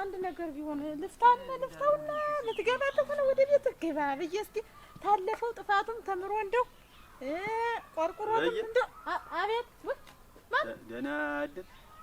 አንድ ነገር ቢሆን ልፍታና ልፍታውና ልትገባ ተሆነ ወደ ቤት ገባ ብዬ እስኪ ታለፈው ጥፋቱም ተምሮ እንደው ቆርቆሮ እንደው አቤት ማን ደህና አደር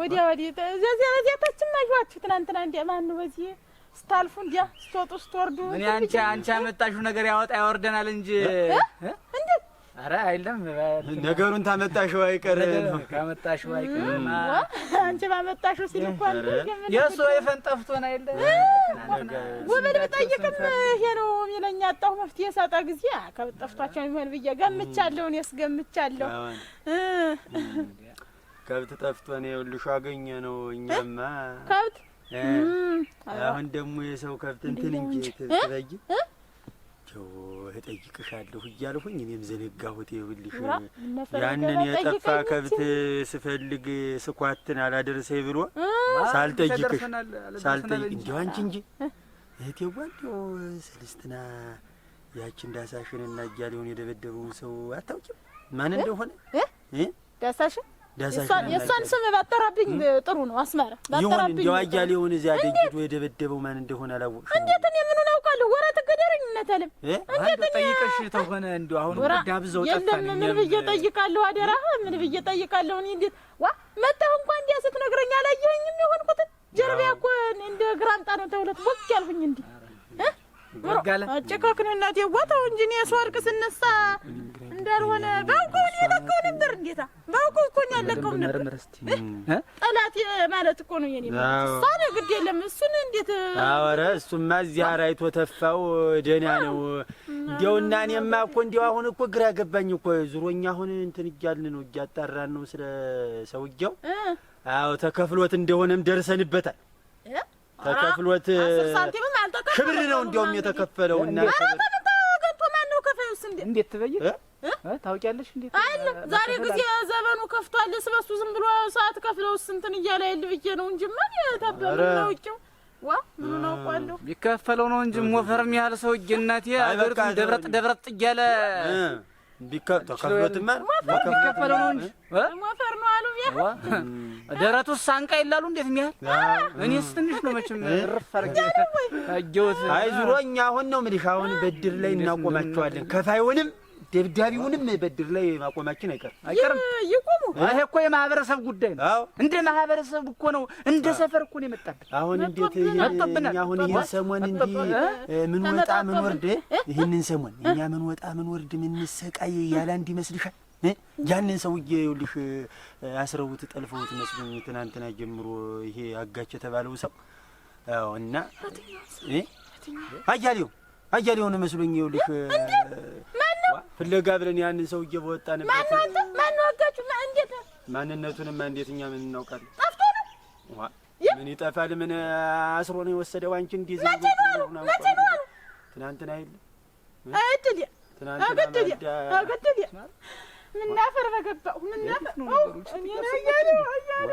ወዲያ ወዲህ እዚያ በዚያ ታችም አየኋችሁ ትናንትና። እንዲያ ማን በዚህ ስታልፉ እንዲያ ስትወጡ ስትወርዱ እኔ አንቺ አንቺ ያመጣሽው ነገር ያወጣ ያወርደናል እንጂ እንዴ! አረ አይደለም ነገሩን ታመጣሽው አይቀር ካመጣሽው አይቀር አንቺ ባመጣሽው ሲል እኮ የእሱ የፈንጠፍቶን አይደለም ወበል ብጠይቅም ይሄ ነው የሚለኝ። አጣሁ መፍትሄ ሳጣ ጊዜ ከጠፍቷቸው የሚሆን ብዬ ገምቻለሁ፣ እኔስ ገምቻለሁ። ከብት ጠፍቶ ነው ይኸውልሽ፣ አገኘ ነው። እኛማ ከብት አሁን ደግሞ የሰው ከብት እንትን እንጂ ትበይ እጠይቅሻለሁ እያልሁኝ እኔም ዘነጋሁት። ይኸውልሽ ያንን የጠፋ ከብት ስፈልግ ስኳትን አላደረሰኝ ብሎ ሳልጠይቅሽ ሳልጠይቅ እንዲሁ አንቺ እንጂ እህቴዋ እንዲሁ ሰልስትና ያቺ እንዳሳሽን እና እያለሁን የደበደበውን ሰው አታውቂም ማን እንደሆነ ዳሳሽን የእሷን ስም ባጠራብኝ ጥሩ ነው። አስመራ ባጠራብኝ ይሁን። አያሌውን እዚያ ደንግዶ የደበደበው ማን እንደሆነ አላወቅሽም? እንዴት እኔ ምኑን አውቃለሁ? ወራ ተገደረኝ እነተልም እንዴት ጠይቀሽ ተሆነ እንዲ አሁን ዳብዘው ጠፋን። ምን ብዬ ጠይቃለሁ? አደራ ምን ብዬ ጠይቃለሁ? እኔ እንዴት ዋ መጣሁ እንኳ እንዲያ ስትነግረኝ አላየኸኝም? የሆንኩትን ጀርቢያ እኮ እንደ ግራምጣ ነው ተውለት ቦክ ያልሁኝ እንዲ ጭካክን እናቴ ዋታው እንጂ እኔ ሰው አልቅ ስነሳ እንዳልሆነ ባንኩን የለካው ነበር እንዴታ አለቀውም ነበር። ጠላት ማለት እኮ ነው የኔ እሷ ነው። ግድ የለም እሱን እንዴት አወረ። እሱማ ተፋው ደህና ነው። እንዲያው እና እኔማ እኮ እንዲያው አሁን እኮ ግራ ገባኝ እኮ ዙሮኛ። አሁን እንትን እያልን ነው እያጣራን ነው ስለ ሰውየው። አዎ ተከፍሎት እንደሆነም ደርሰንበታል። ተከፍሎት ክብር ነው እንዲያውም የተከፈለው እና እንዴት ትበይ ታውቂያለሽ እንዴ? አለ ዛሬ ጊዜ ዘመኑ ከፍቷል። ስበሱ ዝም ብሎ ሰዓት ከፍለው ስንትን እያለ ልብዬ ነው እንጂ ማን ያታበሉ ነው ዋ ምን አውቃለሁ። ቢከፈለው ነው እንጂ ሞፈርም ያህል ሰው እናቴ አገሪቱ ደብረጥ ደብረጥ እያለ ቢከፈለው ነው አሉ ያ ደረቱ ሳንቃ ይላሉ። እንዴት የሚያህል እኔስ ትንሽ ነው መቼም ርፍ አርጌ አይ ዙሮኛ አሁን ነው የምልሽ አሁን በድር ላይ እናቆማቸዋለን ከፋዩንም ደብዳቢውንም በድር ላይ ማቆማችን አይቀርም አይቀርም። ይቆሙ። ይሄ እኮ የማህበረሰብ ጉዳይ ነው። እንደ ማህበረሰብ እኮ ነው፣ እንደ ሰፈር እኮ ነው የመጣብን። አሁን እንዴት ይሄ አሁን ይሄ ሰሞን እንዲህ ምን ወጣ ምን ወርድ፣ ይህንን ሰሞን እኛ ምን ወጣ ምን ወርድ ምን ሰቃይ ያለ አንድ ይመስልሻል? ያንን ሰውዬ ይኸውልሽ አስረውት ጠልፈውት መስሎኝ ትናንትና ጀምሮ ይሄ አጋች የተባለው ሰው እና አያሌው አያሌውን መስሎኝ ይኸውልሽ ፍለጋ ብለን ያንን ሰውዬ በወጣን ማንነቱንማ እንዴት እኛ ምን እናውቃለን? ጠፍቶ ነው። ምን ይጠፋል? ምን አስሮ ነው የወሰደው? አንቺ እንዲህ ትናንትና የለ ምናፈር በገባሁ ምናፈር እያለ እያለ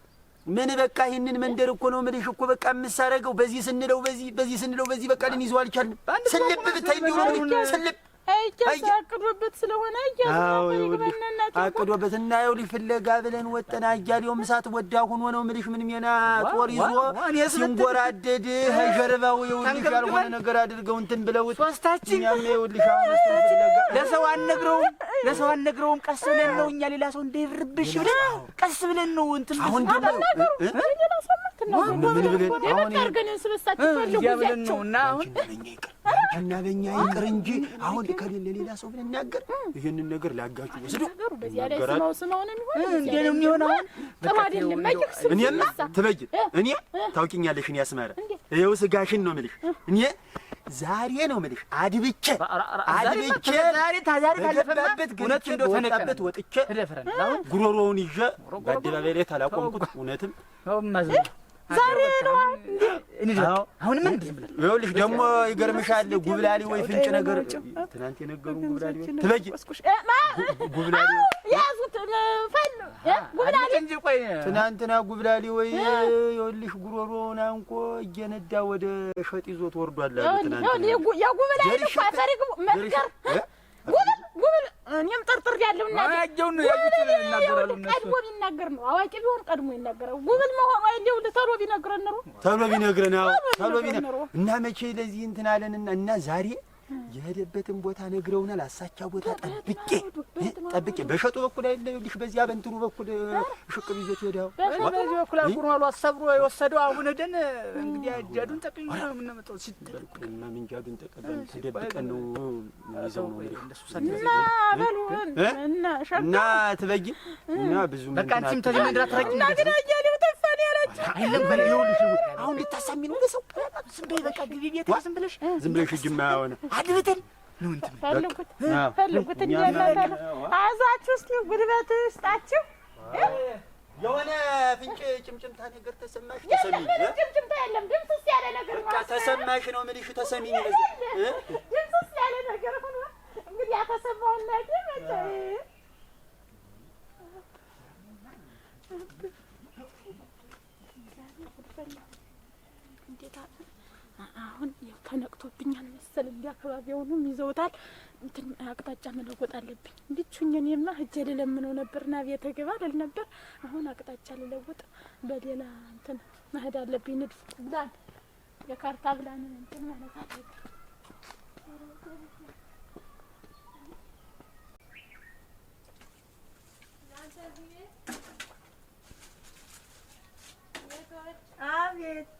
ምን በቃ ይህንን መንደር እኮ ነው የምልሽ እኮ በቃ የምሳረገው በዚህ ስንለው በዚህ በዚህ ስንለው በዚህ በቃ ልን ይዘው አልቻልንም። ስልብ ብታይ እንዲሆነ ስልብ አቅዶበት እና ይኸውልሽ ፍለጋ ብለን ወጠን አያሌው ምሳት ወዳ ሁኖ ነው የምልሽ። ምን ሜና ጦር ይዞ ሲንጎራደድ ጀርባው ይኸውልሽ ያልሆነ ነገር አድርገው እንትን ብለውት ሦስታችን ይኸውልሽ ለሰው አልነግረውም ለሰው አልነግረውም። ቀስ ብለን ነው እኛ ሌላ ሰው እንዳይብርብሽ ብለን ቀስ ብለን ነው እንትን አሁን ምን ብለን አሁን ነው እና አሁን እና በእኛ ይቅር እንጂ አሁን ከሌለ ሌላ ሰው ብንናገር ይህንን ነገር ላጋችሁ ወስዶ እንዴ ነው የሚሆነው? እኔማ ትበይን እኔ ታውቂኛለሽ። እኔ አስመራ ይኸው ስጋሽን ነው የምልሽ እኔ ዛሬ ነው የምልሽ አድብቼ አድብቼ ዛሬ ታዛሬ ካለፈበት ግነት እንደ ተነቀበት ወጥቼ ጉሮሮውን ይዤ በአደባባይ ላይ ታላቆምኩት እውነትም ዛሬ ነው። አሁንማ እንዴት ብለህ ይኸውልሽ፣ ደግሞ ይገርምሻል። ጉብላሊ ወይ ፍንጭ ነገር ትናንት የነገሩ ጉብላሊ ጉብላሊ ትበይ ትናንትና ጉብላሊ ወይ ይኸውልሽ፣ ጉሮሮውን አንቆ እየነዳ ወደ ሸጥ ይዞት ወርዷል አሉ መንገር እኔም ጥርጥር ያለው እና ያየውን ያዩት ቀድሞ ቢናገር ነው አዋቂ ቢሆን ቀድሞ ይናገራል። ጉብል መሆኑ አይደው ተሎ ቢነግረን ነው ተሎ ቢነግረን እና መቼ ለዚህ እንትን አለንና እና ዛሬ የሄደበትን ቦታ ነግረውናል። አሳቻ ቦታ ጠብቄ ጠብቄ በሸጡ በኩል አይደለ ይኸውልሽ፣ በዚያ በእንትኑ በኩል ሽቅብ ይዞት ሄዳው በዚህ በኩል አጉርማሉ አሳብሮ የወሰደው አሁን ደን እንግዲህ እጃዱን ጠቅኝ ነው የምንመጣው ምን ጃዱን ጠቀበን ተደብቀን ነው ይዘው ነው እና ትበይ እና እና እና ትበጊ ብዙ በቃ አንቺም ተዚህ መንደራ ትረቂ እና ግን አያሌው ተፋን ያለች አይለም በል ይኸውልሽ አሁን ልታሳሚ ነው ለሰው ዝም በይ በቃ ግቢ ቤት ዝም ብለሽ ዝም ብለሽ እጅማ የሆነ አድብተን ነው እንትን ፈልጉት ፈልጉት እንዲያላታለ አዛችሁ እስኪ ጉልበት ስጣችሁ የሆነ ፍንጭ ጭምጭምታ ነገር ተሰማሽ? ተሰሚኝ ጭምጭምታ የለም ድምፅ ውስጥ ያለ ነገር በቃ ተሰማሽ ነው የምልሽ። ተሰሚኝ ድምፅ ውስጥ ያለ ነገር ሆኖ እንግዲህ ያተሰማውን ነገር መ አሁን ያው ተነቅቶብኛል መሰል እንዲ አካባቢውንም ይዘውታል። እንትን አቅጣጫ መለወጥ አለብኝ። እንዲችኝ እኔማ ሂጄ ልለምነው ነበር ና ቤተ ግባ ልል ነበር። አሁን አቅጣጫ ልለውጥ በሌላ እንትን መሄድ አለብኝ። ንድፍ ብላን የካርታ ብላን እንትን ማለት አለብኝ። አቤት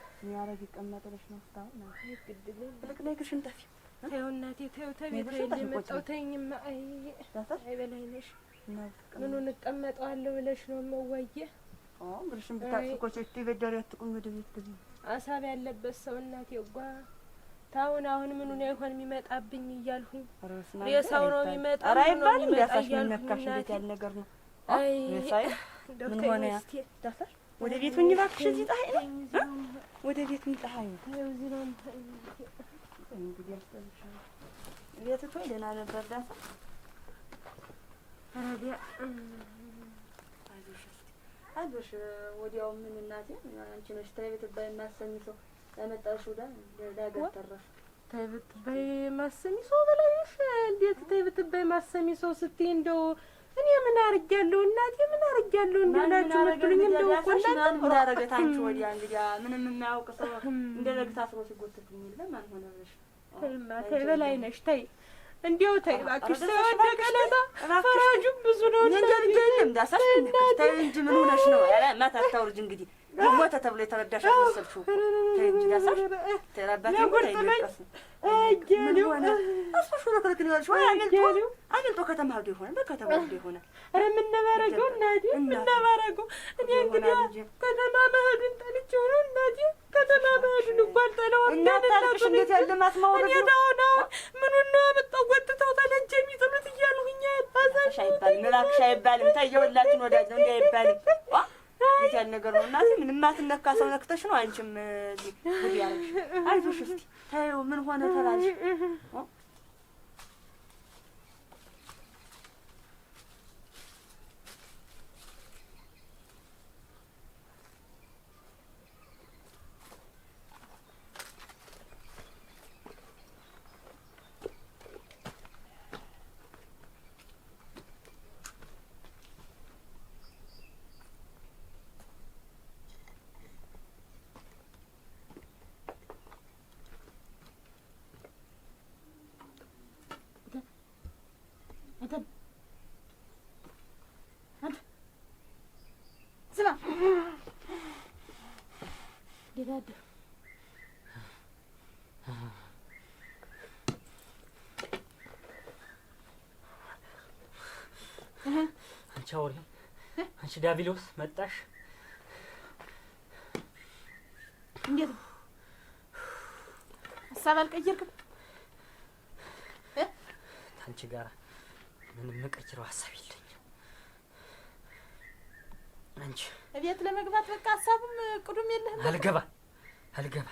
ያረግ ይቀመጥ ብለሽ ነው እስካሁን ብልቅልቅሽን ጠፊ ተይው እናቴ ተይው ተቤት የመጣው ተይኝማ ብለሽ ነው መዋዬ ብልሽን ብታጥፊ እኮ ሴት ይበዳሪ ወደ ቤት አሳብ ያለበት ሰው እናቴ ጓ ታሁን አሁን አይሆን የሚመጣብኝ እያልሁኝ የሰው ነው የሚመጣ ነው ምን ሆነ ያ ዳሳሽ ወደ ቤቱ እባክሽ፣ እዚህ ፀሐይ ነው። ወደ ቤቱ ፀሐይ ነው። ቤቱ እኮ ደህና ነበር። ዳታ አይዞሽ፣ ወዲያው ምን እናቴ፣ አንቺ ነሽ ተይ ብትባይ የማሰኝ ሰው ያመጣሽው ዳ ዳገር ተረፍ ተይ ብትባይ ማሰሚ ሰው በላይሽ። እንዴት ተይ ብትባይ ማሰሚ ሰው ስትይ እንደው እኔ ምን አርጊያለሁ እናቴ፣ ምን አርጊያለሁ እንደላችሁ መጥሉኝ እንደው ቆላችሁ ምን አረገት ወዲያ እንግዲያ ምንም የማያውቅ ሰው እንደ ለግታ ሰው ሲጎትትኝ ማን ሆነ ብለሽ ተይማ፣ ተይ በላይ ነሽ ተይ፣ እንዲያው ተይ እባክሽ። ስለወደቀ ለዛ ፈራጁም ብዙ ነው። እንደ እናቴ ዳሰልኝ ተይ እንጂ ምን ሆነሽ ነው? ያላ ማታ ታውርጅ እንግዲህ ሞተ ተብሎ የተረዳሽ አልመሰልሽው እኮ ተይ እንጂ ዳሳሽ ተራባት እናቴ፣ ምን እኔ እንግዲህ ከተማ መሄዱን ጠልቼው ነው እናቴ። ከተማ መሄዱን እኮ አልጠላሁም። ያለ ማስማወር ነው? ምኑን ነው አመጣው ወጥተው ተለጀ የሚጥሉት እያልሁኝ አይባልም። እባክሽ አይባልም። ተይ ወዳጅ ነው እንዲ አይባልም የዚያን ነገር ነው። እናቴ ምን ማትነካ ሰው ነክተሽ ነው አንቺም እዚህ ጉድ ያለሽ። አይዞሽ እስኪ ተይው ምን ሆነ ተባልሽ አስተዳደር አንቺ አውሬ አንቺ ዳቢሎስ መጣሽ። እንዴት ነው ሀሳብ አልቀየርክም? አንቺ ጋር ምንም መቀይረው ሀሳብ የለኝም። አንቺ እቤት ለመግባት በቃ ሀሳቡም ቅዱም የለህም። አልገባ አልገባ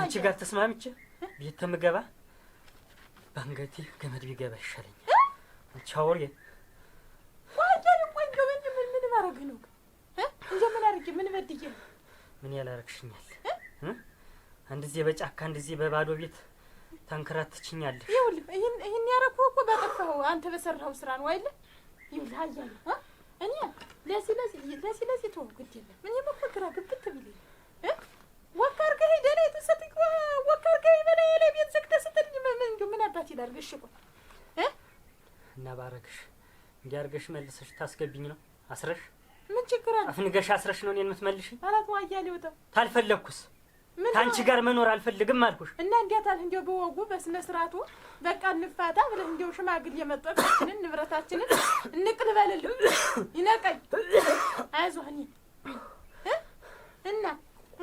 አንቺ ጋር ተስማምቼ ቤት ተምገባ ባንገቴ ገመድ ቢገባ ይሻለኛል። አንቺ አውሬ ምን ምን ማረግ ነው? እንደ ምን አርጌ ምን በድዬ ምን ያላረግሽኛል? አንድ ጊዜ በጫካ አንድ ጊዜ በባዶ ቤት ታንከራትችኛለሽ። ይኸውልህ ይህን ያረኩህ እኮ ባጠፋኸው አንተ በሰራኸው ስራ ነው አይደል? ይኸውልህ አያሌው እኔ ለሲ ለሲ ለሲ ለዚህ ተወው ግድ የለም እኔም እኮ ግራ ግብት ብዬሽ አባት ይዳርግሽ። ቆይ እና ባረግሽ እንዲህ መልሰሽ ታስገቢኝ ነው አስረሽ? ምን ችግር አለ? አፍንገሽ አስረሽ ነው እኔን የምትመልሽኝ? አላት ዋያ ሊወጣ ታልፈለግኩስ ታንቺ ጋር መኖር አልፈልግም አልኩሽ። እና እንዴት አልህ? እንደው በወጉ በስነ ስርዓቱ በቃ እንፋታ ብለህ እንደው ሽማግሌ የመጣችንን ንብረታችንን እንቅል በልልም ይነቀኝ አይዞህኒ እና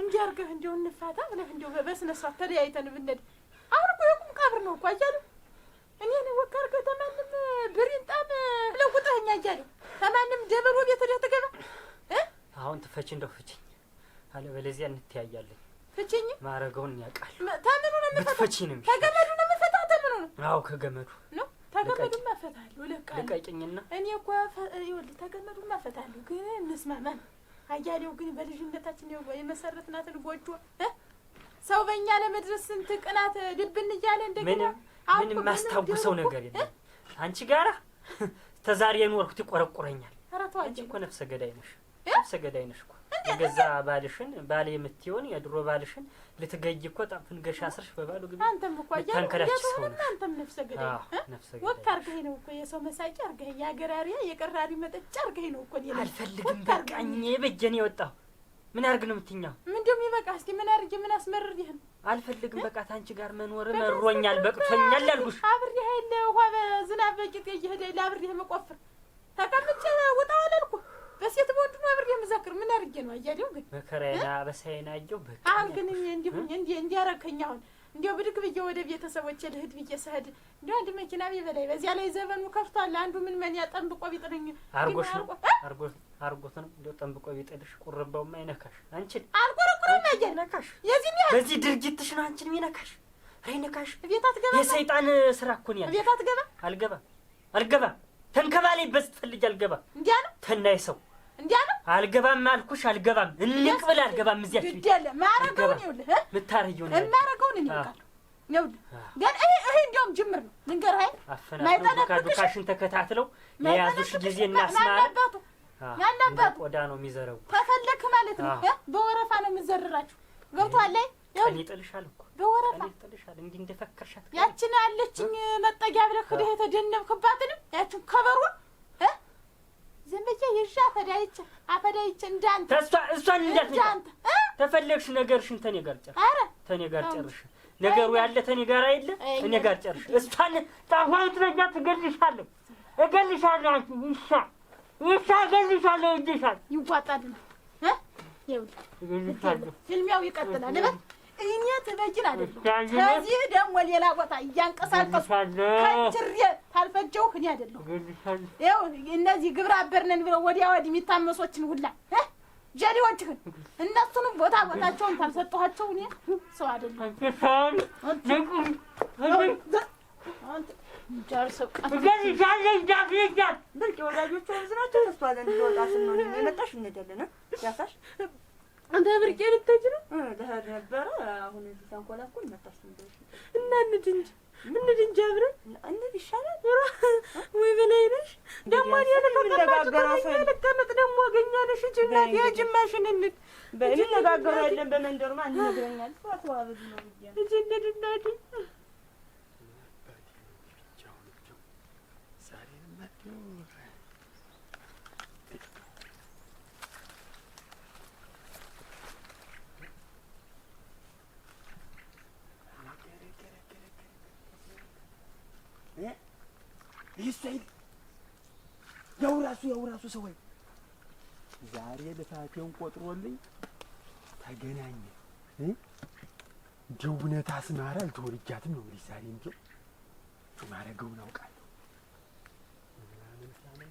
እንዲህ አድርገህ እንደው እንፋታ ብለህ እንደው በስነ ስርዓት ተለያይተን ብንሄድ አሁን እኮ የቁም ቀብር ነው እኮ አያሌ ፈች እንደው ፍችኝ፣ አለበለዚያ እንተያያለን። ፍችኝ ማረገውን ያውቃል። ተምኑ ነው የምፈታው። ፍቺ ከገመዱ ነው የምፈታው። ተምኑ ነው። አዎ ከገመዱ ነው ተገመዱ ማፈታለሁ። ልቀቅኝና እኔ እኮ ይኸውልህ ተገመዱ ማፈታለሁ። ግን እንስማማ። አያሌው ግን በልጅነታችን ነው የመሰረትናትን ጎጆ ሰው በእኛ ለመድረስ ስንት ቅናት ልብን እያለ እንደገና ምን ማስታውሰው ነገር የለም። አንቺ ጋራ ተዛሬ የኖርኩት ይቆረቁረኛል። ኧረ ተዋቸው እኮ ነፍሰ ገዳይ ነሽ። ነፍሰ ገዳይ ነሽ እኮ የገዛ ባልሽን ባል የምትሆን የድሮ ባልሽን ልትገይ እኮ ጣፍን ገሽ አስርሽ በባሉ ግቢ አንተም እኮ ተንከራች ሰሆነ አንተም ነፍሰ ገዳይ ወቅ አርገህ ነው እኮ የሰው መሳቂ አርገህ የአገራሪያ የቀራሪ መጠጫ አርገህ ነው እኮ አልፈልግም። በቃኝ በጀን የወጣሁ ምን አርግ ነው የምትኛው? ምንድም ይበቃ። እስቲ ምን አርግ ምን አስመርር ይህን አልፈልግም። በቃ ታንቺ ጋር መኖር መሮኛል፣ በቅቶኛል አልኩሽ። አብሬህ የለ ውሃ በዝናብ በቂጤ እየሄደ ለአብሬህ መቆፍር ተቀምጬ ውጣ ወለል በሴት በወንዱ ነው አብሬ የምዘክር ምን አድርጌ ነው? አያሌው ግን መከራዬና በሳይና አየው። በቃ አሁን ግን እንዲሁ እንዲያረከኝ አሁን እንዲያው ብድግ ብዬ ወደ ቤተሰቦቼ ልሂድ ብዬ ስሄድ እንዲያው አንድ መኪና ቢበላይ በዚያ ላይ ዘመኑ ከፍቷል። አንዱ ምን መን ያጠንብቆ ቢጥለኝ አርጎሽ ነው አርጎት ነው እንዲያው ጠንብቆ ቢጥልሽ ቁርባውማ ይነካሽ አንቺን አልቆረቁረም አየህ ነካሽ። የዚህ ያህል በዚህ ድርጊትሽ ነው አንቺን ይነካሽ አይነካሽ። ቤት አትገባ የሰይጣን ስራ እኮ ነው ያለ። ቤት አትገባ አልገባ አልገባ ተንከባለይ በዝ ትፈልጊ አልገባ እንዲያ ነው ተናይ ሰው እንዲያለ አልገባም አልኩሽ፣ አልገባም እንቅ ብለህ አልገባም። እዚያ ግድ የለ ማረገውን ይውልህ ምታረየው ነው ማረገውን እኔ አውቃለሁ። ይኸውልህ ግን ይሄ ይሄ እንዲያውም ጅምር ነው። ልንገርህ አይደል ማይጠነቅቅሽን ተከታትለው የያዙሽ ጊዜ እናስማር ያለበት ቆዳ ነው የሚዘረው። ተፈለክ ማለት ነው። በወረፋ ነው የምዘርራችሁ። ገብቶሃል ላይ ቀን ይጥልሻል እኮ በወረፋ ይጥልሻል። እንዲህ እንደፈከርሻት ያችን ያለችኝ መጠጊያ ብለህ ሄደህ የተደነብክባትንም ያችን ከበሩን ዝም ብዬሽ ይዤ አፈዳይች አፈዳይቼ እንዳንተ እሷ እሷን እንዳትነካት ተፈለግሽ ነገርሽን ተኔ ጋር ጨርሽ። አረ ተኔ ጋር ጨርሽ። ነገሩ ያለ ተኔ ጋር አይደለ እኔ ጋር ጨርሽ። እሷን ጣፋይ ትረጃት እገልሻለሁ፣ እገልሻለሁ። አንቺ ይሻ ይሻ እገልሻለሁ። ይዋጣል። ይኸውልህ እገልሻለሁ። ፍልሚያው ይቀጥላል። እኔ ትበጅል አይደለም። ከዚህ ደግሞ ሌላ ቦታ እያንቀሳቀሱ ከችሬ ታልፈጀውህ እኔ አይደለሁ። ይኸው እነዚህ ግብረ አበር ብለው ወዲያ ወዲህ የሚታመሶችን ሁላ ጀሌዎችህን እነሱንም ቦታ ቦታቸውን ታልሰጠኋቸው እኔ ሰው አይደለም። አንተ ብርቄ ልታጅ ነው ለህር ነበረ አሁን እዚህ ተንኮላኩል መጣሽ እና እንሂድ እንጂ እንሂድ እንጂ አብረን እንሂድ ይሻላል። ወይ በላይ ነሽ ደግሞ ለቀመጥ ደግሞ አገኛለሽ እንጂ እናቴ የጅማሽን እንሂድ በእንነጋገራለን በመንደሩማ እንነግረኛል ፋቷ ብዙ ነው ብዬ እንሂድ እናቴ ይሳይል ያው ራሱ ያው ራሱ ሰው ዛሬ ልፋቴን ቆጥሮልኝ ተገናኘ። እንዲሁ እውነት አስማራ አልተወርጃትም ነው እንግዲህ ዛሬ እንዲሁ ማረገውን አውቃለሁ። ምናምን ሳነ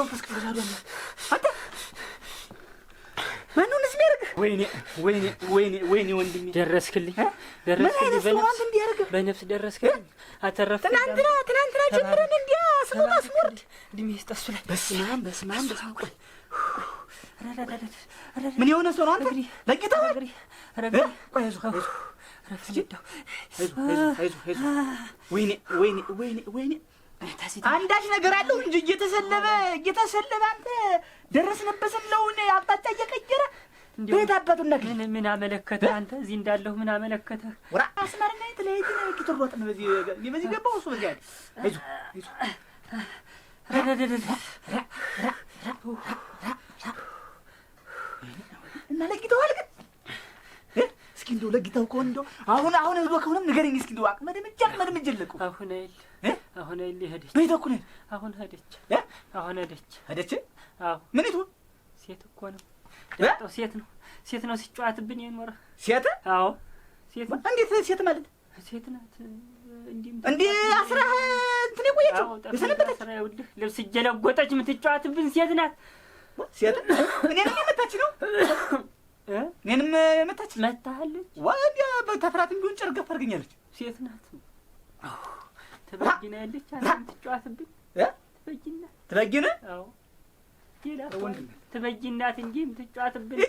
መንፈስ ቅዱስ አዶና አንተ ማን ነው እንደዚህ ወይኔ ወይኔ ወይኔ ወይኔ ወንድሜ ደረስክልኝ፣ ደረስክልኝ በነፍስ እንዲያደርግህ በነፍስ ደረስክልኝ። አተረፍ ትናንትና ትናንትና ጀምረን እንዲያ ስሞታ ስሞርድ እድሜ ይስጠሱ ላይ በስመ አብ በስመ ምን የሆነ ሰው ነው አንተ ለቂታ ወይኔ ወይኔ ወይኔ ወይኔ አንዳች ነገር አለው እንጂ እየተሰለበ እየተሰለበ አንተ ደረስንበት ስለውን አቅጣጫ እየቀየረ ቤት ነገር ምን ምን አመለከተ? አንተ እዚህ እንዳለሁ ምን አመለከተ? ወራ አስማር ላይ ተለይት ነው ትሮጥ ነው በዚህ በዚህ ገባው እሱ በዚህ አይደል አይዞህ አይዞህ እና ለጊተዋል ግን እስኪ እንደው ለጊታው ከሆነ እንደው አሁን አሁን ህዝቦ ከሆነም ንገረኝ እስኪ እንደው አቅመ ደምጃ አቅመ ደምጅ ለቁ አሁን አይል አሁን አይል ሄደች በይታ እኮ ነው አሁን ሄደች አሁን ሄደች ሄደች። አዎ ምን ይቱ ሴት እኮ ነው ዳጣው ሴት ነው ሴት ነው ሲጫዋትብኝ የኖረ ሴት አዎ ሴት እንዴት ሴት ማለት ሴት ናት እንዴ እንዴ አስራህ እንትን የቆየችው የሰነበተች ልብስ እየለጎጠች የምትጫዋትብን ሴት ናት ሴት እኔ ነኝ የመታች ነው እኔንም መታች መታለች። ወዲያ በተፍራትም ቢሆን ጨርገፍ አድርገኛለች። ሴት ናት ትበጊናለች። አንተም ትጫዋትብኝ ትበጊና ትበጊነ ትበጊናት እንጂ የምትጫዋትብኝ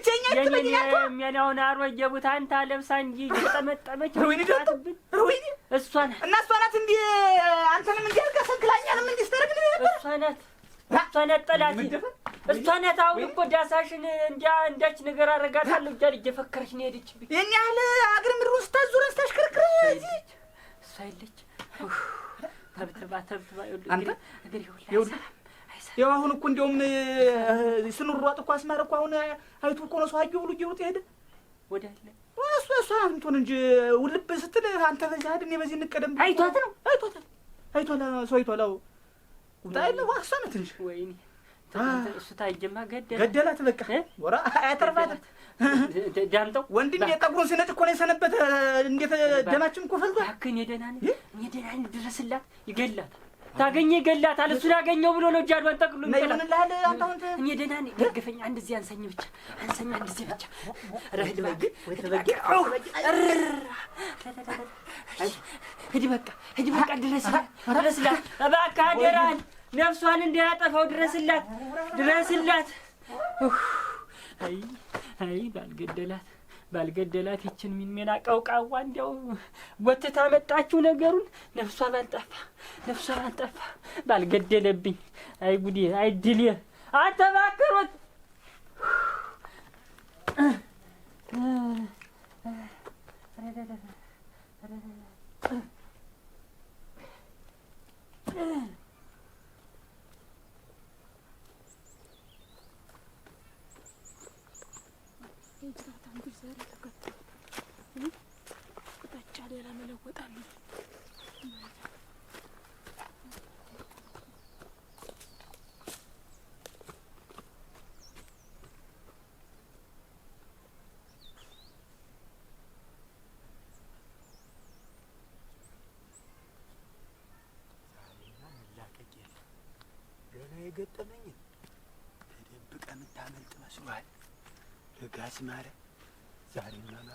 የሚያናውን አሮጌ ለብሳ እንጂ ጠመጠመች እሷ ናት እና እሷ ናት አንተንም ሰንክላኛንም እሷ ናት እሷ ናት ጠላቴ። እሷ ናት አሁን እኮ ዳሳሽን እንዳች ነገር አደርጋታለሁ እያለ እየፈከረች ነው የሄደችብኝ። ይህን ያህል አገር ምድሩን ስታዙረን ስታሽከረክር እሷ የለች ተብትባ ተብትባ አንተ እግር ይኸውልህ ያው አሁን እኮ እንደውም ስንሯጥ እኮ አስማር እኮ አሁን አይቱ እኮ ነው ሰው አየሁ ብሎ እየሮጠ ሄደ ወደ እሱ እሱ አምቶን እንጂ ውልብ ስትል አንተ በዚህ አይደል በዚህ እንቀደም አይቷት ነው አይቷት አይቷላ ሰው አይቷላው ባይል ዋሷ ነው ትንሽ ወይኔ እሱ ታየማ ገደላት ገደላት። በቃ ወራ አያተርፋትም። ዳምጠው ወንድም የጠጉሩን ሲነጭ እኮ ነው የሰነበተ። እንዴት ደማችን እኮ ፈልጓል። እኔ ደህና ነኝ፣ እኔ ደህና ነኝ። ድረስላት፣ ይገላታል። ታገኘ ይገላታል። እሱን አገኘው ብሎ ነው እጃዷን ጠቅሎ ይሆንልሃል። አንተ አሁን እኔ ደህና ነኝ፣ ደግፈኝ። አንድ ጊዜ አንሳኝ ብቻ፣ አንሳኝ አንድ ጊዜ ብቻ። ረህድ በግ በግ ሂድ፣ በቃ ሂድ፣ በቃ ድረስላት፣ ድረስላት፣ እባክህ አደራህን ነፍሷን እንዳያጠፋው ድረስላት፣ ድረስላት። አይ አይ፣ ባልገደላት፣ ባልገደላት ይችን ሚንሜና ቀውቃዋ እንዲያው ወትታ መጣችው ነገሩን። ነፍሷ ባልጠፋ፣ ነፍሷ ባልጠፋ፣ ባልገደለብኝ። አይ ጉዴ! አይ ድሌ! አተባከሮት እንጅራት አንዱ ዘር ተከተሉ ቁጣቻ ሌላ መለወጣ ነው። What's the matter? Sorry,